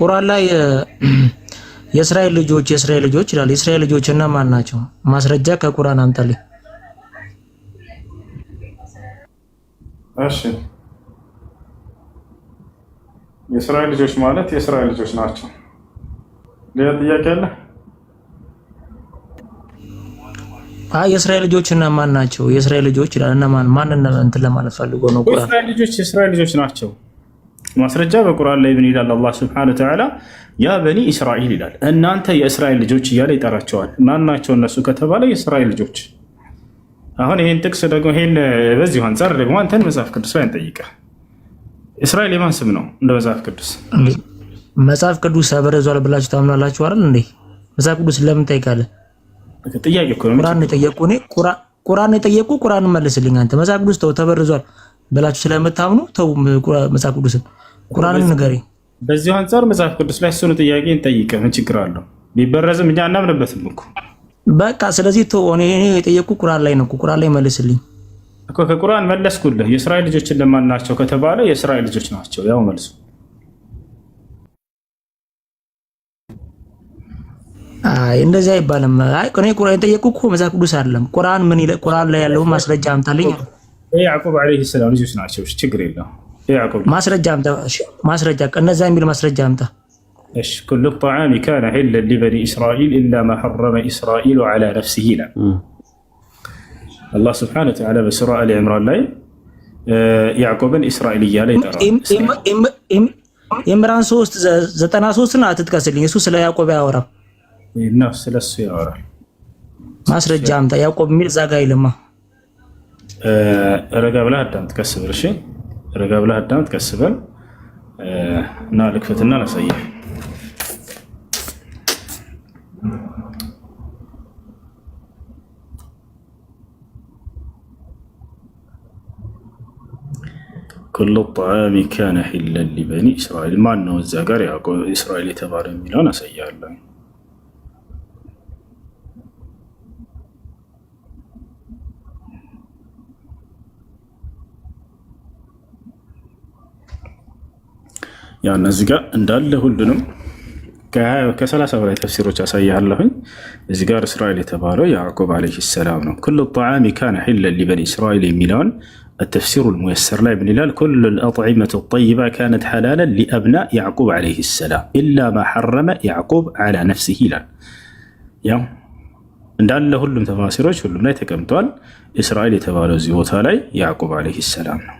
ቁርአን ላይ የእስራኤል ልጆች የእስራኤል ልጆች ይላል። የእስራኤል ልጆች እና ማን ናቸው? ማስረጃ ከቁርአን አምጣልኝ። እሺ የእስራኤል ልጆች ማለት የእስራኤል ልጆች ናቸው። ሌላ ጥያቄ አለ? አይ የእስራኤል ልጆች እና ማን ናቸው? የእስራኤል ልጆች ይላል። እና ማን ማን እንትን ለማለት ፈልጎ ነው ቁርአን የእስራኤል ልጆች የእስራኤል ልጆች ናቸው ማስረጃ በቁርአን ላይ ምን ይላል? አላህ ስብሐነ ወተዓላ ያ በኒ እስራኤል ይላል። እናንተ የእስራኤል ልጆች እያለ ይጠራቸዋል። ማናቸው እነሱ ከተባለ የእስራኤል ልጆች። አሁን ይህን ጥቅስ ደግሞ ይህን በዚሁ አንጻር ደግሞ አንተን መጽሐፍ ቅዱስ ላይ እንጠይቀ እስራኤል የማን ስም ነው? እንደ መጽሐፍ ቅዱስ መጽሐፍ ቅዱስ አበረዟል ብላችሁ ታምናላችሁ አይደል እንዴ? መጽሐፍ ቅዱስ ለምን ጠይቃለህ? ጥያቄ እኮ ነው። ቁርአን የጠየቁ እኔ ቁርአን የጠየቁ ቁርአን መልስልኝ። አንተ መጽሐፍ ቅዱስ ተው ተበርዟል ብላችሁ ስለምታምኑ ተው መጽሐፍ ቅዱስን ቁርአንን ንገሪ። በዚሁ አንጻር መጽሐፍ ቅዱስ ላይ እሱን ጥያቄ እንጠይቀ ምን ችግር አለው? ቢበረዝም እኛ እናምንበትም እኮ በቃ። ስለዚህ እኔ የጠየቅኩ ቁርአን ላይ ነው። ቁርአን ላይ መልስልኝ እኮ ከቁርአን መለስኩልህ። የእስራኤል ልጆች እነማን ናቸው ከተባለ የእስራኤል ልጆች ናቸው። ያው መልሱ አይ እንደዚህ አይባልም። አይ እኔ ቁርአን የጠየቅኩ እኮ መጽሐፍ ቅዱስ አይደለም። ቁርአን ምን ቁርአን ላይ ያለውን ማስረጃ አምጣልኝ። ያዕቆብ አለይሂ ሰላም ልጆች ናቸው። ችግር የለውም ማስረጃ አምጣ። ማስረጃ እነዛ የሚል ማስረጃ አምጣ። እሺ ኩሉ ጣዓሚ ካነ ሒለን ሊበኒ እስራኤል ኢላ ማ ሐረመ እስራኤሉ ነፍሲሂ ይላል አላህ ስብሓነሁ ወተዓላ በሱራ አሊ ላይ ያዕቆብን እስራኤል እያለ ይጠራል። ዕምራን 3 93ን አትጥቀስልኝ። እሱ ስለ ያዕቆብ አያወራም እና ስለ እሱ ያወራል። ማስረጃ አምጣ። ያዕቆብ የሚል እዛ ጋ አይልማ። ረጋ ብለህ አዳምጥ፣ ቀስ ብለህ እሺ ረጋ ብለህ አዳምጥ፣ ቀስ በል እና ልክፈትና ላሳየህ። ኩሉ ጣዓሚ ካነ ሒለን ሊበኒ እስራኤል። ማን ነው እዚያ ጋር እስራኤል የተባለ የሚለውን አሳያለን። ያው እነዚህ ጋር እንዳለ ሁሉንም ከሰላሳ በላይ ተፍሲሮች አሳያለሁኝ። እዚህ ጋር እስራኤል የተባለው ያዕቆብ ዓለይሂ ሰላም ነው። ኩሉ ጣዓሚ ካነ ሒለን ሊበኒ እስራኤል የሚለውን ተፍሲሩ ልሙየሰር ላይ ምን ይላል? ኩሉ ልአጥዒመቱ ጠይባ ካነት ሐላለን ሊአብና ያዕቁብ ዓለይሂ ሰላም ኢላ ማ ሐረመ ያዕቁብ ዓላ ነፍሲህ ይላል። ያው እንዳለ ሁሉም ተፋሲሮች ሁሉም ላይ ተቀምጧል። እስራኤል የተባለው እዚህ ቦታ ላይ ያዕቁብ ዓለይሂ ሰላም ነው።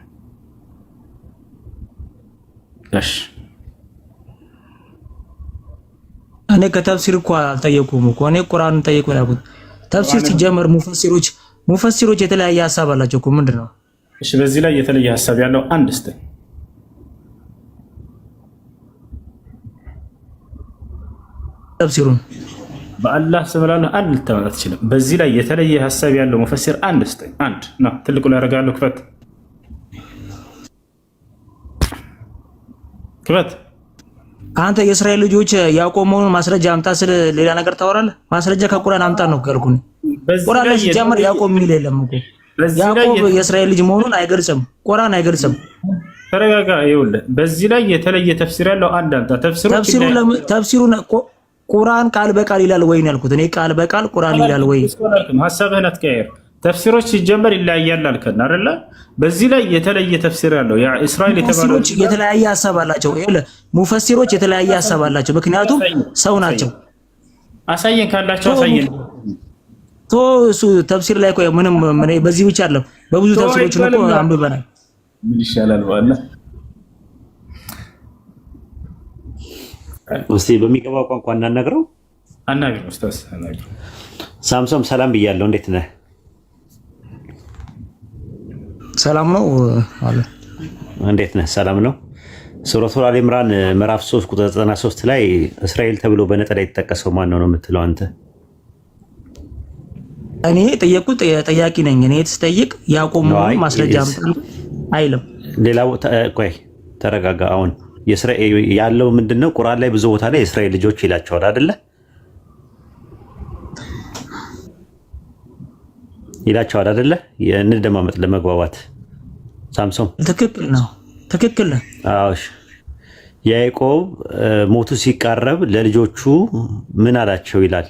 እኔ ከተፍሲር እኮ አልጠየቁም እኮ እኔ ቁርአን ጠየቁ ያልኩት። ተፍሲር ሲጀመር ሙፈሲሮች ሙፈሲሮች የተለያየ ሀሳብ አላቸው እኮ ምንድን ነው? እሺ በዚህ ላይ የተለየ ሀሳብ ያለው አንድ እስቲ ተፍሲሩን በአላህ ስብላለሁ አንድ ልታመጣ ትችልም። በዚህ ላይ የተለየ ሀሳብ ያለው ሙፈሲር አንድ እስቲ አንድ ነው ትልቁ ላይ ያደርጋለሁ። ክፈት ክፈት አንተ የእስራኤል ልጆች ያዕቆብ መሆኑን ማስረጃ አምጣ ስለ ሌላ ነገር ታወራለህ። ማስረጃ ከቁራን አምጣ ነው ያልኩህ። ቁራን ላይ ሲጀምር ያዕቆብ የሚል የለም እኮ ያዕቆብ የእስራኤል ልጅ መሆኑን አይገልጽም፣ ቁራን አይገልጽም። ተረጋጋ። ይኸውልህ በዚህ ላይ የተለየ ተፍሲር ያለው አንድ አምጣ። ተፍሲሩ ተፍሲሩ ቁራን ቃል በቃል ይላል ወይ ነው ያልኩት እኔ። ቃል በቃል ቁራን ይላል ወይ? ሀሳብህን አትቀያየር። ተፍሲሮች ሲጀመር ይለያያል አልከን አይደለ? በዚህ ላይ የተለየ ተፍሲር ያለው ያ እስራኤል የተባለው የተለያየ ሀሳብ አላቸው። ሙፈሲሮች የተለያየ ሀሳብ አላቸው። ምክንያቱም ሰው ናቸው። አሳየን ካላቸው አሳየን። ቶ እሱ ተፍሲር ላይ ቆየ። ምንም በዚህ ብቻ አይደለም፣ በብዙ ተፍሲሮች ነው አንብበናል። ምን ይሻላል ባለ እስቲ በሚገባው ቋንቋ እናናግረው። አናግረው ኡስታዝ፣ አናግረው። ሳምሶም ሰላም ብያለሁ። እንዴት ነህ? ሰላም ነው አለ። እንዴት ነህ? ሰላም ነው። ሱረቱል አሊ ኢምራን ምዕራፍ 3 ቁጥር 93 ላይ እስራኤል ተብሎ በነጠላ የተጠቀሰው ማን ነው ነው የምትለው አንተ? እኔ ጠየቁ ጠያቂ ነኝ። እኔ የተስጠይቅ ያቆም ነው ማስረጃ አይልም። ሌላ ቆይ፣ ተረጋጋ። አሁን የእስራኤል ያለው ምንድነው? ቁርአን ላይ ብዙ ቦታ ላይ የእስራኤል ልጆች ይላቸዋል አይደለ? ይላቸዋል አይደለ? እንደማመጥ ለመግባባት ሳምሶን ትክክል ነው። ትክክል ነው። አዎ ያዕቆብ ሞቱ ሲቃረብ ለልጆቹ ምን አላቸው ይላል።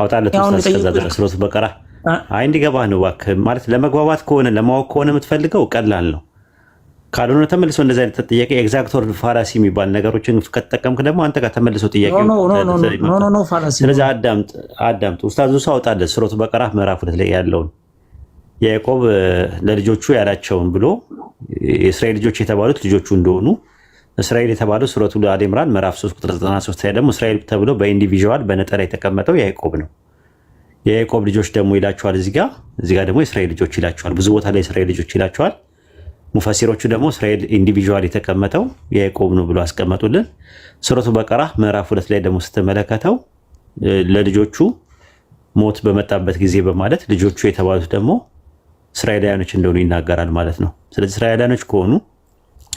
አውጣለት እስከዛ ድረስ ሎት በቀራ አይ እንዲገባህ ነው እባክህ። ማለት ለመግባባት ከሆነ ለማወቅ ከሆነ የምትፈልገው ቀላል ነው። ካልሆነ ተመልሶ እንደዚህ አይነት ጥያቄ ኤግዛክት ወርድ ፋላሲ የሚባል ነገሮችን ከተጠቀምክ ደግሞ አንተ ጋር ተመልሶ ጥያቄ። ስለዚህ አዳምጥ አዳምጥ። ኡስታዝ ሳ አውጣለ ስሮት በቀራፍ ምዕራፍ ሁለት ላይ ያለውን ያዕቆብ ለልጆቹ ያላቸውን ብሎ የእስራኤል ልጆች የተባሉት ልጆቹ እንደሆኑ እስራኤል የተባለው ሱረቱ አል ኢምራን ምዕራፍ 3 ቁጥር 93 ላይ ደግሞ እስራኤል ተብሎ በኢንዲቪዥዋል በነጠላ የተቀመጠው ያዕቆብ ነው። የያዕቆብ ልጆች ደግሞ ይላቸዋል እዚጋ እዚጋ ደግሞ የእስራኤል ልጆች ይላቸዋል። ብዙ ቦታ ላይ የእስራኤል ልጆች ይላቸዋል። ሙፈሲሮቹ ደግሞ እስራኤል ኢንዲቪዥዋል የተቀመጠው የያዕቆብ ነው ብሎ አስቀመጡልን። ሱረቱ በቀራ ምዕራፍ ሁለት ላይ ደግሞ ስትመለከተው ለልጆቹ ሞት በመጣበት ጊዜ በማለት ልጆቹ የተባሉት ደግሞ እስራኤላውያኖች እንደሆኑ ይናገራል ማለት ነው። ስለዚህ እስራኤላውያኖች ከሆኑ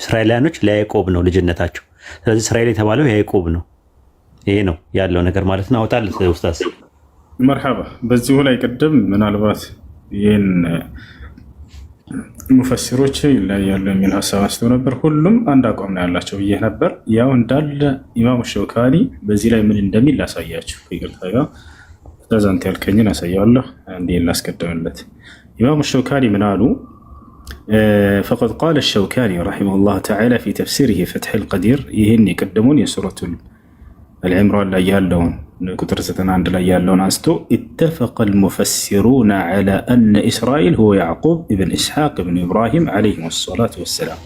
እስራኤላውያኖች ለያዕቆብ ነው ልጅነታቸው። ስለዚህ እስራኤል የተባለው ያዕቆብ ነው። ይሄ ነው ያለው ነገር ማለት ነው። አውጣል ውስታስ መርሐባ። በዚሁ ላይ ቅድም ምናልባት ይህን ሙፈሲሮች ይለያሉ የሚል ሀሳብ አንስተው ነበር። ሁሉም አንድ አቋም ነው ያላቸው ብዬ ነበር። ያው እንዳለ ኢማሙ ሸውካኒ በዚህ ላይ ምን እንደሚል ላሳያችሁ። ይቅርታ ጋር ተዛንት ያልከኝን አሳያለሁ። እንዲህ ላስቀደምለት። ኢማሙ ሸውካኒ ምን አሉ? ፈቀድ ቃለ ሸውካኒ ረሒመሁላህ ተዓላ ፊ ተፍሲሪሂ ፈትሒ ልቀዲር ይህን የቀደሙን የሱረቱል አልዕምራን ላይ ያለውን ቁጥር 91 ላይ ያለውን አንስቶ ኢተፈቀ ልሙፈሲሩና ዐላ አነ እስራኤል ሁወ ያዕቁብ እብን ኢስሐቅ እብን ኢብራሂም ዐለይሂም ሰላቱ ወሰላም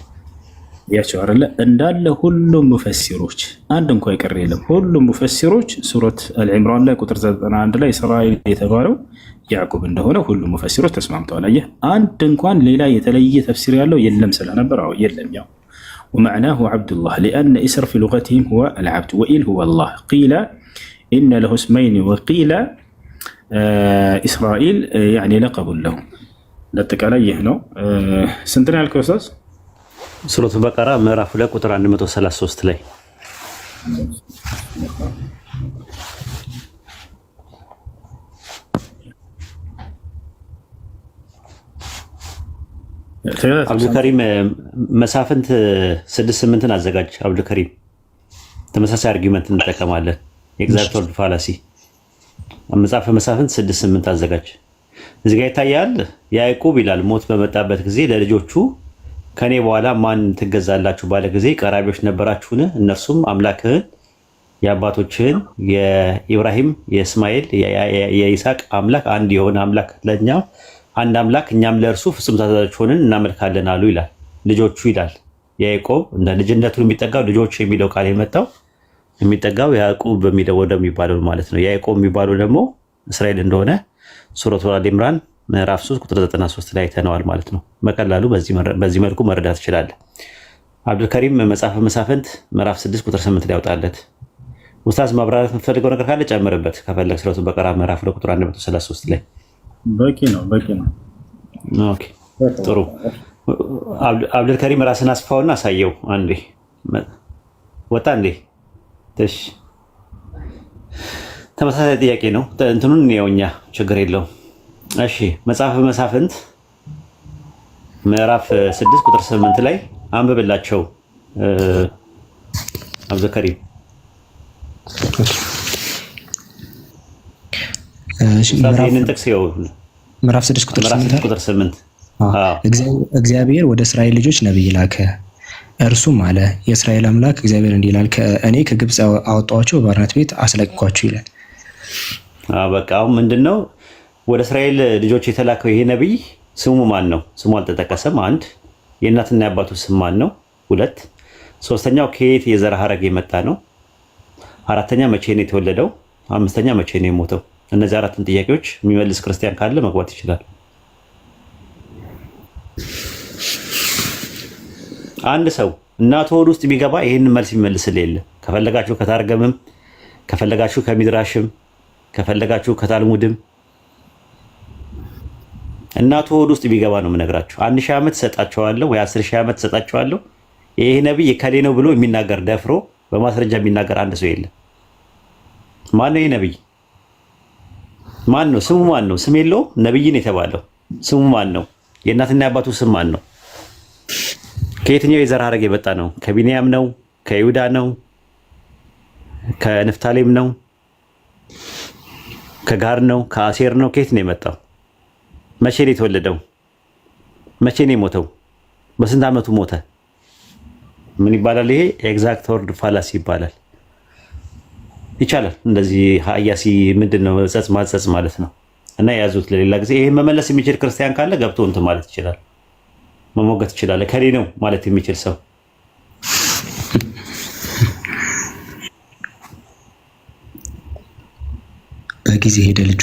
ያቸው አለ እንዳለ ሁሉም ሙፈሲሮች አንድ እንኳ ይቀር የለም። ሁሉም ሙፈሲሮች ሱረት አልዕምራን ላይ ቁጥር 91 ላይ እስራኤል የተባለው ያዕቁብ እንደሆነ ሁሉም ሙፈሲሮች ተስማምተዋል። አየህ አንድ እንኳን ሌላ የተለየ ተፍሲር ያለው የለም ስለነበር አዎ የለም። ያው ወመዕናሁ ዐብዱላህ ሊአነ ኢስር ፊ ሉቀትህም ሁወ አልዐብድ ወኢል ሁወ አላህ ቂላ ኢነ ለሁስመይኒ ወቂለ ኢስራኤል ያኔ ለቀቡን ለሁ ለአጠቃላይ ይህ ነው። ስንት ነው ያልከው ኡስታዝ? ሱረቱ በቀራ ምዕራፍ ሁለት ቁጥር 133 ላይ አብዱልከሪም መሳፍንት ስድስት ስምንትን አዘጋጅ። አብዱልከሪም ተመሳሳይ አርጊመንት እንጠቀማለን። የኤግዛክት ፋላሲ መጽሐፈ መሳፍንት ስድስት ስምንት አዘጋጅ። እዚህ ጋር ይታያል። ያዕቆብ ይላል ሞት በመጣበት ጊዜ ለልጆቹ ከኔ በኋላ ማን ትገዛላችሁ ባለ ጊዜ ቀራቢዎች ነበራችሁን? እነርሱም አምላክህን የአባቶችህን የኢብራሂም የእስማኤል የይስሐቅ አምላክ አንድ የሆነ አምላክ ለእኛ አንድ አምላክ እኛም ለእርሱ ፍጹም ታዛዦች ሆንን እናመልካለን አሉ ይላል። ልጆቹ ይላል ያዕቆብ እንደ ልጅነቱን የሚጠጋው ልጆቹ የሚለው ቃል የመጣው የሚጠጋው ያዕቁብ በሚለው ወደሚባለው ማለት ነው። ያዕቆብ የሚባለው ደግሞ እስራኤል እንደሆነ ሱረቱ አል ኢምራን ምዕራፍ 3 ቁጥር 93 ላይ ተነዋል ማለት ነው። በቀላሉ በዚህ መልኩ መረዳት ይችላል። አብዱልከሪም መጽሐፈ መሳፍንት ምዕራፍ 6 ቁጥር 8 ላይ ያውጣለት። ኡስታዝ ማብራራት የምትፈልገው ነገር ካለ ጨምርበት ከፈለግ ሱረቱ በቀራ ምዕራፍ ቁጥር 133 ላይ በቂ ነው። በቂ ነው። ኦኬ ጥሩ። አብዱልከሪም ራስን አስፋውና አሳየው። አንዴ ወጣ እንዴ እሺ ተመሳሳይ ጥያቄ ነው። እንትኑን የውኛ ችግር የለውም። እሺ መጽሐፈ መሳፍንት ምዕራፍ ስድስት ቁጥር ስምንት ላይ አንብብላቸው አብዘከሪም ይህንን ጥቅስ ው ምዕራፍ ስድስት ቁጥር ስምንት እግዚአብሔር ወደ እስራኤል ልጆች ነቢይ ላከ እርሱም አለ የእስራኤል አምላክ እግዚአብሔር እንዲህ ይላል እኔ ከግብፅ አወጣኋቸው ባርነት ቤት አስለቅኳቸው ይላል። በቃ አሁን ምንድን ነው ወደ እስራኤል ልጆች የተላከው ይሄ ነቢይ ስሙ ማን ነው? ስሙ አልተጠቀሰም። አንድ የእናትና የአባቱ ስም ማን ነው? ሁለት ሶስተኛው ከየት የዘር ሀረግ የመጣ ነው? አራተኛ መቼ ነው የተወለደው? አምስተኛ መቼ ነው የሞተው? እነዚህ አራትን ጥያቄዎች የሚመልስ ክርስቲያን ካለ መግባት ይችላል። አንድ ሰው እናቱ ሆድ ውስጥ ቢገባ ይህንን መልስ የሚመልስል የለ። ከፈለጋችሁ ከታርገምም፣ ከፈለጋችሁ ከሚድራሽም፣ ከፈለጋችሁ ከታልሙድም እናቱ ሆድ ውስጥ ቢገባ ነው የምነግራችሁ። አንድ ሺህ ዓመት ሰጣቸዋለሁ ወይ አስር ሺህ ዓመት ሰጣቸዋለሁ። ይሄ ነቢይ ከሌ ነው ብሎ የሚናገር ደፍሮ በማስረጃ የሚናገር አንድ ሰው የለም። ማን ነው ይህ ነቢይ? ማን ነው ስሙ? ማን ነው ስም የለውም። ነቢይ ነው የተባለው ስሙ ማን ነው? የእናትና የአባቱ ስም ማን ነው? ከየትኛው የዘር ሀረግ የመጣ ነው? ከቢንያም ነው? ከይሁዳ ነው? ከንፍታሌም ነው? ከጋር ነው? ከአሴር ነው? ከየት ነው የመጣው? መቼ ነው የተወለደው? መቼ ነው የሞተው? በስንት ዓመቱ ሞተ? ምን ይባላል? ይሄ ኤግዛክት ወርድ ፋላሲ ይባላል። ይቻላል እንደዚህ ሀያሲ ምንድን ነው ጸጽ ማጸጽ ማለት ነው። እና የያዙት ለሌላ ጊዜ ይህ መመለስ የሚችል ክርስቲያን ካለ ገብቶ እንትን ማለት ይችላል። መሞገት ትችላለህ። ከሌ ነው ማለት የሚችል ሰው በጊዜ ሄደ ልጁ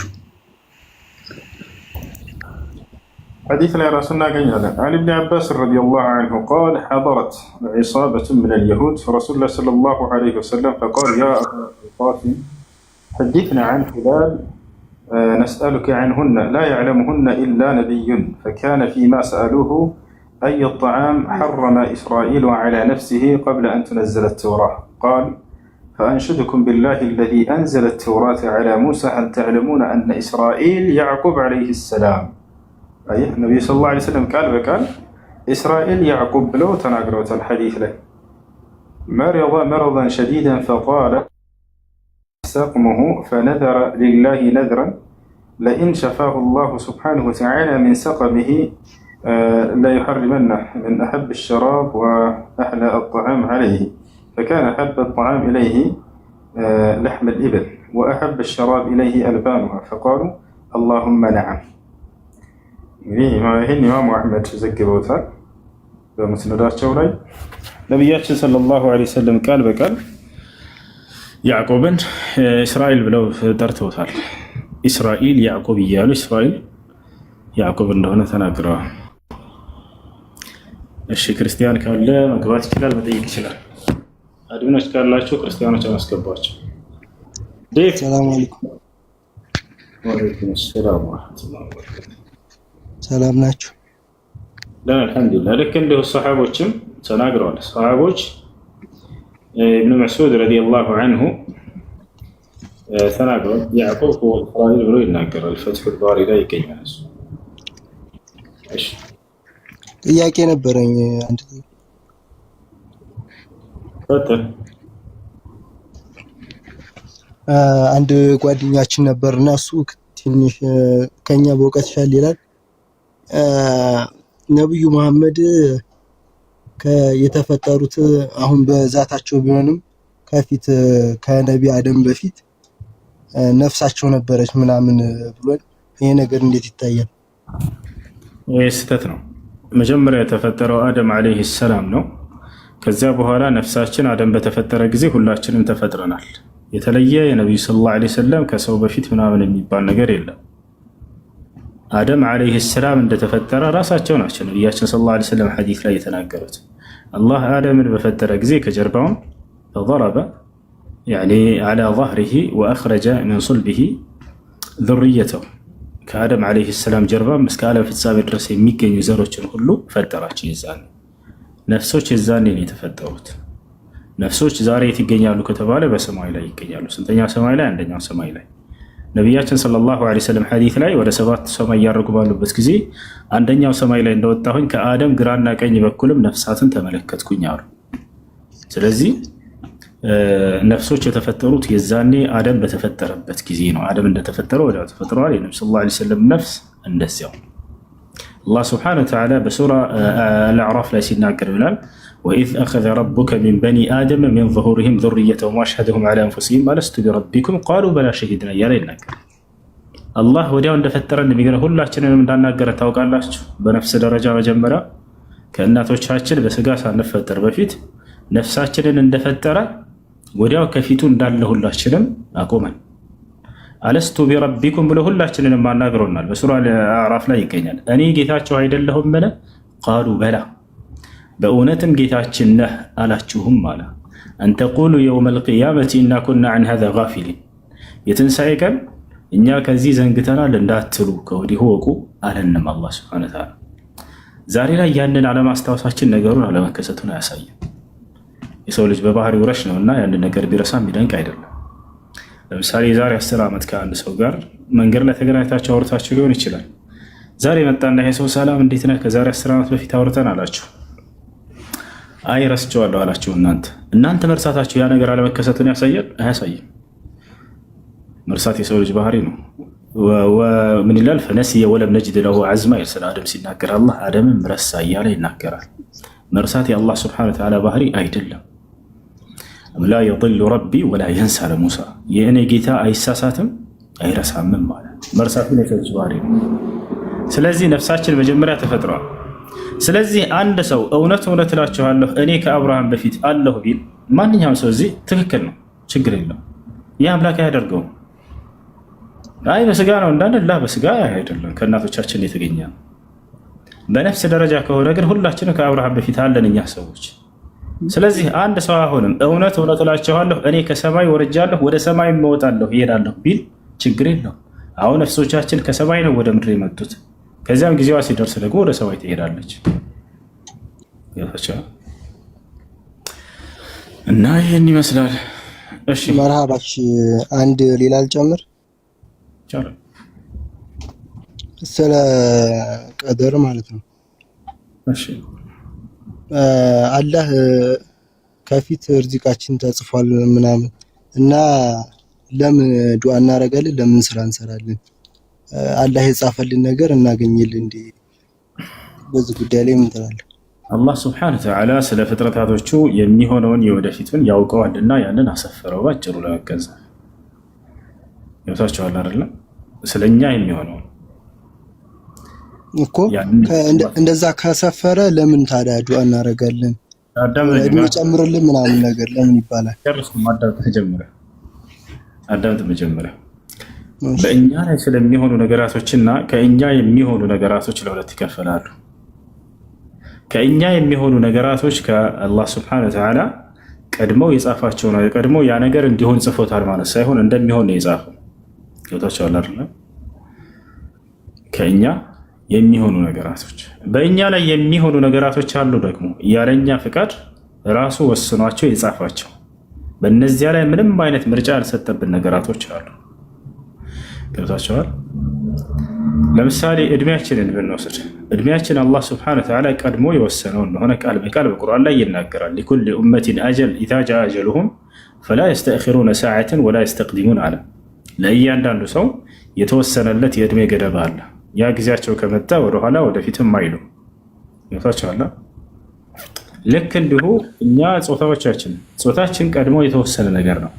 حديث لا رسولنا قال عن ابن عباس رضي الله عنه قال حضرت عصابة من اليهود رسول الله صلى الله عليه وسلم فقال يا أبا القاسم حدثنا عن خلال نسألك عنهن لا يعلمهن إلا نبي فكان فيما سألوه أي الطعام حرم إسرائيل على نفسه قبل أن تنزل التوراة قال فأنشدكم بالله الذي أنزل التوراة على موسى أن تعلمون أن إسرائيل يعقوب عليه السلام أي النبي صلى الله عليه وسلم قال بكال إسرائيل يعقوب بلو تناقروت الحديث له مرض مرضا شديدا فقال سقمه فنذر لله نذرا لئن شفاه الله سبحانه وتعالى من سقمه لا يحرمنه من أحب الشراب وأحلى الطعام عليه فكان أحب الطعام إليه لحم الإبل وأحب الشراب إليه ألبانها فقالوا اللهم نعم እንግዲህ ይህን ኢማሙ አሕመድ ዘግበውታል በሙስነዳቸው ላይ ነቢያችን ሰለላሁ ዐለይሂ ወሰለም ቃል በቃል ያዕቆብን እስራኤል ብለው ጠርተውታል። እስራኤል ያዕቆብ እያሉ እስራኤል ያዕቆብ እንደሆነ ተናግረዋል። እሺ ክርስቲያን ካለ መግባት ይችላል፣ መጠየቅ ይችላል። አድሚኖች ካላቸው ክርስቲያኖች አናስገባቸው። ዴት ሰላም አለይኩም። ወአለይኩም ሰላም ወራህመቱላሂ ወበረካቱ። ሰላም ናችሁ? ደህና አልሐምዱሊላህ። ልክ እንዲሁ ሰሃቦችም ተናግረዋል። ሰሃቦች ኢብኑ መስዑድ ረዲየላሁ ዐንሁ ተናግረዋል። ያዕቆብ ወልፍራኢል ብሎ ይናገራል። ፈትሑ ባሪ ላይ ይገኛል። እሺ ጥያቄ ነበረኝ። አንድ አንድ ጓደኛችን እና እሱ ትንሽ ከኛ በእውቀት ሻል ይላል። ነብዩ መሐመድ የተፈጠሩት አሁን በዛታቸው ቢሆንም ከፊት ከነቢ አደም በፊት ነፍሳቸው ነበረች ምናምን ብሎን ይሄ ነገር እንዴት ይታያል? ይሄ ስህተት ነው። መጀመሪያ የተፈጠረው አደም ዓለይህ ሰላም ነው። ከዚያ በኋላ ነፍሳችን አደም በተፈጠረ ጊዜ ሁላችንም ተፈጥረናል። የተለየ የነቢዩ ሰለላሁ ዓለይሂ ወሰለም ከሰው በፊት ምናምን የሚባል ነገር የለም። አደም ዓለይህ ሰላም እንደተፈጠረ ራሳቸው ናቸው ነቢያችን ሰለላሁ ዓለይሂ ወሰለም ሐዲስ ላይ የተናገሩት። አላህ አደምን በፈጠረ ጊዜ ከጀርባውን ፈደረበ ዐላ ظህሪሂ ወአኽረጀ ምን ሱልቢሂ ዙርየተው ከአደም ዓለይሂ ሰላም ጀርባም እስከ ዓለም ፍጻሜ ድረስ የሚገኙ ዘሮችን ሁሉ ፈጠራቸው። የዛኔ ነፍሶች የዛኔ ነው የተፈጠሩት። ነፍሶች ዛሬ የት ይገኛሉ ከተባለ በሰማይ ላይ ይገኛሉ። ስንተኛ ሰማይ ላይ? አንደኛው ሰማይ ላይ። ነቢያችን ሰለላሁ ዓለይሂ ወሰለም ሐዲት ላይ ወደ ሰባት ሰማይ እያደረጉ ባሉበት ጊዜ አንደኛው ሰማይ ላይ እንደወጣሁኝ ከአደም ግራና ቀኝ በኩልም ነፍሳትን ተመለከትኩኝ አሉ። ስለዚህ ነፍሶች የተፈጠሩት የዛኔ አደም በተፈጠረበት ጊዜ ነው። አደም እንደተፈጠረ ወዲያው ተፈጥረዋል። የነቢ ሰለላሁ ዐለይሂ ወሰለም ነፍስ እንደዚያው። አላህ ስብሐነሁ ወተዓላ በሱራ አልአዕራፍ ላይ ሲናገር ይላል ወኢዝ አኸዘ ረቡከ ሚን በኒ አደም ሚን ዙሁሪሂም ዙርየተሁም ወአሽሀደሁም ዐላ አንፉሲሂም አለስቱ ቢረቢኩም ቃሉ በላ ሸሂድና እያለ ይናገር። አላህ ወዲያው እንደፈጠረን የሚገርም ሁላችንንም እንዳናገረ ታውቃላችሁ። በነፍስ ደረጃ መጀመሪያ ከእናቶቻችን በስጋ ሳንፈጠር በፊት ነፍሳችንን እንደፈጠረ ወዲያው ከፊቱ እንዳለ ሁላችንም አቆመን። አለስቱ ቢረቢኩም ብሎ ሁላችንንም አናግሮናል። በሱራ አዕራፍ ላይ ይገኛል። እኔ ጌታቸው አይደለሁም ምን ቃሉ በላ በእውነትም ጌታችን ነህ አላችሁም አለ አንተቁሉ የውም ልቅያመት እና ኩና አን ሀዛ ጋፊሊን የትንሣኤ ቀን እኛ ከዚህ ዘንግተናል እንዳትሉ ከወዲሁ ወቁ አለንም አላህ ስብሐነ ተዓላ ዛሬ ላይ ያንን አለማስታወሳችን ነገሩን አለመከሰቱን አያሳይም። የሰው ልጅ በባህሪው ረሽ ነው እና ያንን ነገር ቢረሳ የሚደንቅ አይደለም። ለምሳሌ የዛሬ አስር ዓመት ከአንድ ሰው ጋር መንገድ ላይ ተገናኝታችሁ አውርታችሁ ሊሆን ይችላል። ዛሬ መጣና ይሄ ሰው ሰላም፣ እንዴት ነህ? ከዛሬ አስር ዓመት በፊት አውርተን አላችሁ። አይ ረስቸዋለሁ አላችሁ። እናንተ እናንተ መርሳታችሁ ያ ነገር አለመከሰቱን ያሳያል? አያሳይም። መርሳት የሰው ልጅ ባህሪ ነው። ምን ይላል? ፈነስየ ወለም ነጅድ ለሁ አዝማ ይል ስለ አደም ሲናገር አላህ አደምም ረሳ እያለ ይናገራል። መርሳት የአላህ ስብሐነ ወተዓላ ባህሪ አይደለም። ላ የሉ ረቢ ወላ የንሳ ለሙሳ የእኔ ጌታ አይሳሳትም አይረሳምም አለ። መርሳቱን የፈጅ ባህሪ ነው። ስለዚህ ነፍሳችን መጀመሪያ ተፈጥሯል። ስለዚህ አንድ ሰው እውነት እውነት እላችኋለሁ እኔ ከአብርሃም በፊት አለሁ ቢል ማንኛውም ሰው እዚህ ትክክል ነው፣ ችግር የለው። ይህ አምላክ አያደርገውም። አይ በስጋ ነው እንዳንላ በስጋ አይደለም፣ ከእናቶቻችን የተገኘ በነፍስ ደረጃ ከሆነ ግን ሁላችንም ከአብርሃም በፊት አለን እኛ ሰዎች ስለዚህ አንድ ሰው አሁንም እውነት እውነት እላችኋለሁ እኔ ከሰማይ ወርጃለሁ ወደ ሰማይ እወጣለሁ ይሄዳለሁ ቢል ችግር የለው። አሁን ነፍሶቻችን ከሰማይ ነው ወደ ምድር የመጡት። ከዚያም ጊዜዋ ሲደርስ ደግሞ ወደ ሰማይ ትሄዳለች እና ይህን ይመስላል። እሺ መርሃባሽ አንድ ሌላ ልጨምር ስለ ቀደር ማለት ነው። አላህ ከፊት እርዚቃችን ተጽፏል ምናምን እና ለምን ዱዓ እናደርጋለን? ለምን ስራ እንሰራለን? አላህ የጻፈልን ነገር እናገኝልን እንዴ? በዚህ ጉዳይ ላይ ምን አላህ ስብሐነሁ ወተዓላ ስለ ፍጥረታቶቹ የሚሆነውን የወደፊቱን ያውቀዋል እና ያንን አሰፈረው። ባጭሩ ለመገንዘብ ይወታችኋል አይደለም? ስለኛ የሚሆነውን እኮ እንደዛ ከሰፈረ ለምን ታዲያ ዱዓ እናደርጋለን? እድሜ ጨምርልን ምናምን ነገር ለምን ይባላል? አዳምጥ መጀመሪያ በእኛ ላይ ስለሚሆኑ እና ከእኛ የሚሆኑ ነገራቶች ለሁለት ይከፈላሉ። ከእኛ የሚሆኑ ነገራቶች ከአላህ ስብሐነ ወተዓላ ቀድመው የጻፋቸው ነው። ቀድሞ ያ ነገር እንዲሆን ጽፎታል ማለት ሳይሆን እንደሚሆን ነው የጻፈው። ገብታችኋል አይደለም? ከእኛ የሚሆኑ ነገራቶች በእኛ ላይ የሚሆኑ ነገራቶች አሉ። ደግሞ ያለኛ ፍቃድ ራሱ ወስኗቸው የጻፋቸው በእነዚያ ላይ ምንም አይነት ምርጫ ያልሰጠብን ነገራቶች አሉ። ገብታቸዋል። ለምሳሌ እድሜያችንን ብንወስድ እድሜያችን አላህ ስብሐነ ወተዓላ ቀድሞ የወሰነው እንደሆነ ቃል በቃል በቁርአን ላይ ይናገራል። ሊኩል ኡመቲን አጀል ኢዛ ጃአ አጀሉሁም ፈላ የስተእኽሩነ ሰዓተን ወላ የስተቅዲሙን አለ። ለእያንዳንዱ ሰው የተወሰነለት የእድሜ ገደባ አለ። ያ ጊዜያቸው ከመጣ ወደኋላ ወደፊትም አይሉ ቻላ። ልክ እንዲሁ እኛ ጾታዎቻችን ጾታችን ቀድሞ የተወሰነ ነገር ነው።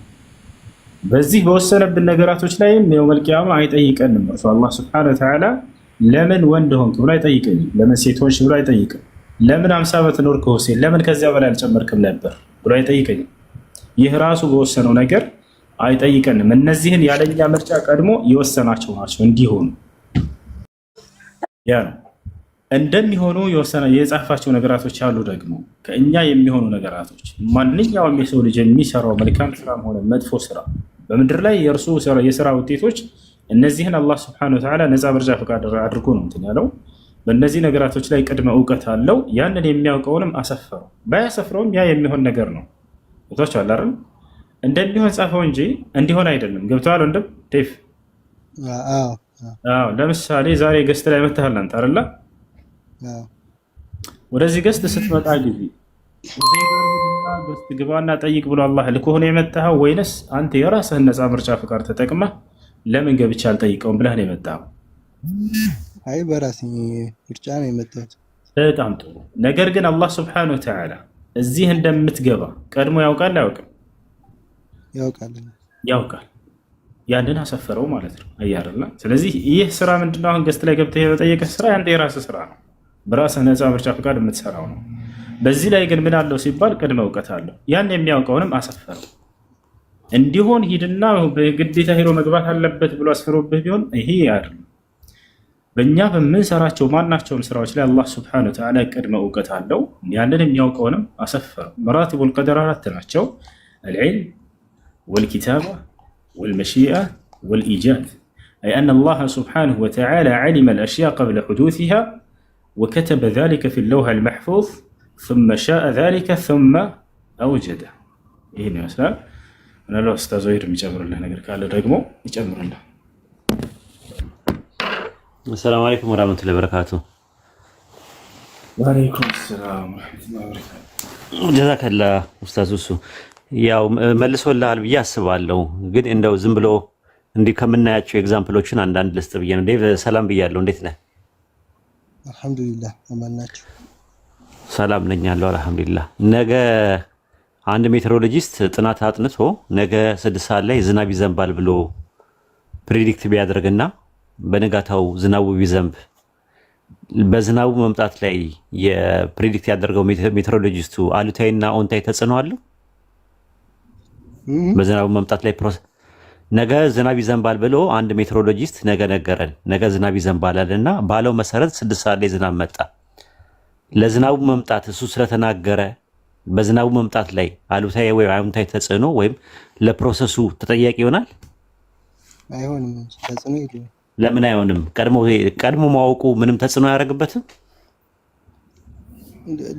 በዚህ በወሰነብን ነገራቶች ላይም የው መልቅያማ አይጠይቀንም። እርሱ አላህ ስብሐነ ወተዓላ ለምን ወንድ ሆንክ ብሎ አይጠይቀኝም። ለምን ሴት ሆንሽ ብሎ አይጠይቅም። ለምን አምሳ ዓመት ኖርክ ሁሴን ለምን ከዚያ በላይ አልጨመርክም ነበር ብሎ አይጠይቀኝም። ይህ ራሱ በወሰነው ነገር አይጠይቀንም። እነዚህን ያለኛ ምርጫ ቀድሞ የወሰናቸው ናቸው እንዲሆኑ ያ ነው እንደሚሆኑ የወሰነ የጻፋቸው ነገራቶች አሉ። ደግሞ ከእኛ የሚሆኑ ነገራቶች ማንኛውም የሰው ልጅ የሚሰራው መልካም ስራም ሆነ መጥፎ ስራ በምድር ላይ የእርሱ የስራ ውጤቶች እነዚህን አላህ ስብሐነሁ ወተዓላ ነፃ መርጃ ፈቃድ አድርጎ ነው እንትን ያለው። በእነዚህ ነገራቶች ላይ ቅድመ እውቀት አለው። ያንን የሚያውቀውንም አሰፈረው። ባያሰፍረውም ያ የሚሆን ነገር ነው። ቦታቸው አላርም እንደሚሆን ጻፈው እንጂ እንዲሆን አይደለም። ገብተዋል ወንድም ቴፍ አዎ ለምሳሌ ዛሬ ገስት ላይ መታህል አንተ አይደለ? ወደዚህ ገስት ስትመጣ ጊዜ ገስት ግባና ጠይቅ ብሎ አላህ ልኮ ነው የመጣኸው ወይንስ አንተ የራስህን ነፃ ምርጫ ፍቃድ ተጠቅመህ ለምን ገብቼ አልጠይቀውም ብለህ ነው የመጣኸው? አይ በራሴ ምርጫ ነው የመጣሁት። በጣም ጥሩ ነገር ግን አላህ ስብሐነሁ ወተዓላ እዚህ እንደምትገባ ቀድሞ ያውቃል አያውቅም? ያውቃል። ያንን አሰፈረው ማለት ነው። አያርላ ስለዚህ ይህ ስራ ምንድነው? አሁን ገስት ላይ ገብተህ የመጠየቅህ ስራ ያንተ የራስህ ስራ ነው። በራስህ ነፃ ምርጫ ፈቃድ የምትሰራው ነው። በዚህ ላይ ግን ምን አለው ሲባል ቅድመ እውቀት አለው። ያን የሚያውቀውንም አሰፈረው እንዲሆን ሂድና ግዴታ ሄዶ መግባት አለበት ብሎ አስፈሮብህ ቢሆን ይሄ አይደለም። በእኛ በምንሰራቸው ማናቸውም ስራዎች ላይ አላህ ስብሐነ ወተዓላ ቅድመ እውቀት አለው። ያንን የሚያውቀውንም አሰፈረው። መራቲቡል ቀደር አራት ናቸው። አልዕልም ወልኪታባ والمشيئه والايجاد اي ان الله سبحانه وتعالى علم الاشياء قبل حدوثها وكتب ذلك في اللوح المحفوظ ثم شاء ذلك ثم اوجده ايه مثلا انا لو استاذ زهير يجبر الله نقدر قال رقمه يجبر الله السلام عليكم ورحمه الله وبركاته وعليكم السلام ورحمه الله وبركاته جزاك الله استاذ سو ያው መልሶልሃል ብዬ አስባለሁ። ግን እንደው ዝም ብሎ እንዲህ ከምናያቸው ኤግዛምፕሎችን አንዳንድ ልስጥ ብዬ ነው። ዴቭ ሰላም ብያለሁ። እንዴት ነህ? አልሐምዱሊላህ አማን ሰላም ነኝ ያለው አልሐምዱሊላህ። ነገ አንድ ሜትሮሎጂስት ጥናት አጥንቶ ነገ ስድስት ሰዓት ላይ ዝናብ ይዘንባል ብሎ ፕሬዲክት ቢያደርግና በንጋታው ዝናቡ ቢዘንብ በዝናቡ መምጣት ላይ የፕሬዲክት ያደርገው ሜትሮሎጂስቱ አሉታዊና ኦንታይ ተጽዕኖ አለው? በዝናቡ መምጣት ላይ ነገ ዝናብ ይዘንባል ብሎ አንድ ሜትሮሎጂስት ነገ ነገረን። ነገ ዝናብ ይዘንባል አለና ባለው መሰረት ስድስት ሰዓት ላይ ዝናብ መጣ። ለዝናቡ መምጣት እሱ ስለተናገረ በዝናቡ መምጣት ላይ አሉታዊ ወይም አዎንታዊ ተጽዕኖ ወይም ለፕሮሰሱ ተጠያቂ ይሆናል? ለምን አይሆንም? ቀድሞ ማወቁ ምንም ተጽዕኖ አያደርግበትም።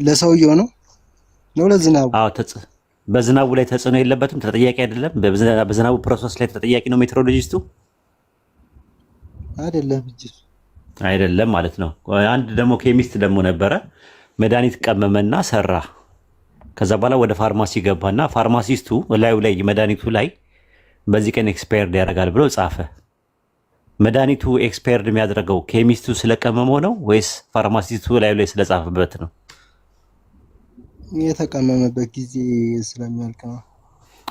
ለሰውየው ነው ነው ለዝናቡ በዝናቡ ላይ ተጽዕኖ የለበትም፣ ተጠያቂ አይደለም። በዝናቡ ፕሮሰስ ላይ ተጠያቂ ነው ሜትሮሎጂስቱ አይደለም አይደለም ማለት ነው። አንድ ደግሞ ኬሚስት ደግሞ ነበረ። መድኃኒት ቀመመና ሰራ። ከዛ በኋላ ወደ ፋርማሲ ገባና ፋርማሲስቱ ላዩ ላይ መድኃኒቱ ላይ በዚህ ቀን ኤክስፓየርድ ያደርጋል ብሎ ጻፈ። መድኃኒቱ ኤክስፓየርድ የሚያደርገው ኬሚስቱ ስለቀመመው ነው ወይስ ፋርማሲስቱ ላዩ ላይ ስለጻፈበት ነው? የተቀመመበት ጊዜ ስለሚያልቅ ነው።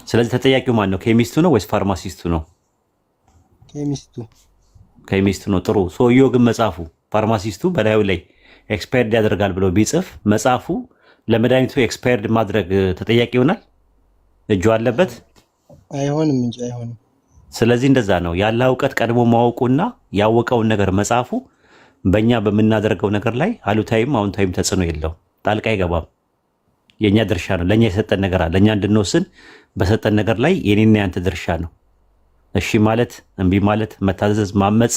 ስለዚህ ተጠያቂው ማን ነው? ኬሚስቱ ነው ወይስ ፋርማሲስቱ ነው? ኬሚስቱ ኬሚስቱ ነው። ጥሩ ሰውየው ግን መጽሐፉ ፋርማሲስቱ በላዩ ላይ ኤክስፓየርድ ያደርጋል ብሎ ቢጽፍ መጽሐፉ ለመድኃኒቱ ኤክስፓየርድ ማድረግ ተጠያቂ ይሆናል? እጁ አለበት? አይሆንም እንጂ አይሆንም። ስለዚህ እንደዛ ነው ያለ እውቀት ቀድሞ ማወቁና ያወቀውን ነገር መጽሐፉ በእኛ በምናደርገው ነገር ላይ አሉታዊም አሁንታዊም ተጽዕኖ የለው ጣልቃ አይገባም። የእኛ ድርሻ ነው። ለእኛ የሰጠን ነገር አለ። እንድንወስን በሰጠን ነገር ላይ የኔና ያንተ ድርሻ ነው። እሺ ማለት፣ እምቢ ማለት፣ መታዘዝ፣ ማመፅ፣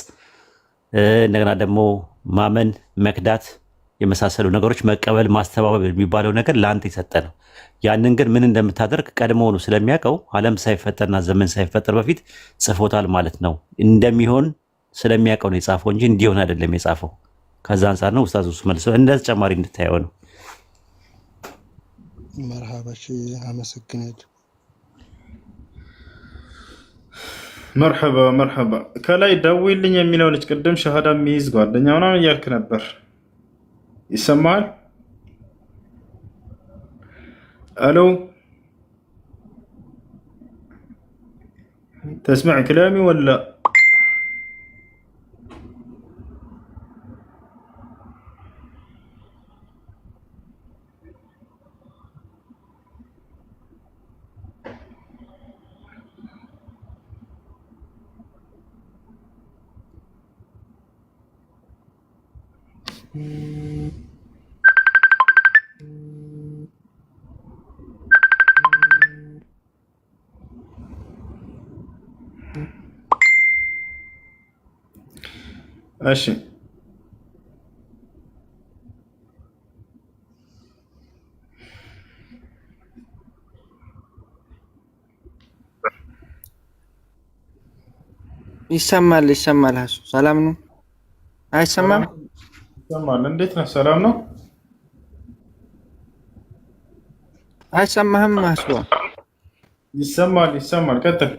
እንደገና ደግሞ ማመን፣ መክዳት የመሳሰሉ ነገሮች መቀበል፣ ማስተባበል የሚባለው ነገር ለአንተ የሰጠ ነው። ያንን ግን ምን እንደምታደርግ ቀድሞውኑ ስለሚያውቀው ዓለም ሳይፈጠርና ዘመን ሳይፈጠር በፊት ጽፎታል ማለት ነው። እንደሚሆን ስለሚያውቀው ነው የጻፈው እንጂ እንዲሆን አይደለም የጻፈው። ከዛ አንጻር ነው ውስታዝ መልሶ እንደ ተጨማሪ እንድታየው ነው። መርሃባሽ አመሰግናለሁ። መርሐባ መርሐባ። ከላይ ደውልኝ የሚለው ልጅ ቅድም ሸሃዳ የሚይዝ ጓደኛ ምናምን እያልክ ነበር፣ ይሰማሃል? አሎ ተስማዕ ክላሚ ወላ እሺ ይሰማል ይሰማል። እሱ ሰላም ነው አይሰማም? ይሰማል። እንዴት ነህ? ሰላም ነው አይሰማህም? እሱ ይሰማል ይሰማል። ቀጥል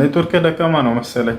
ኔትወርክ ደካማ ነው መሰለኝ።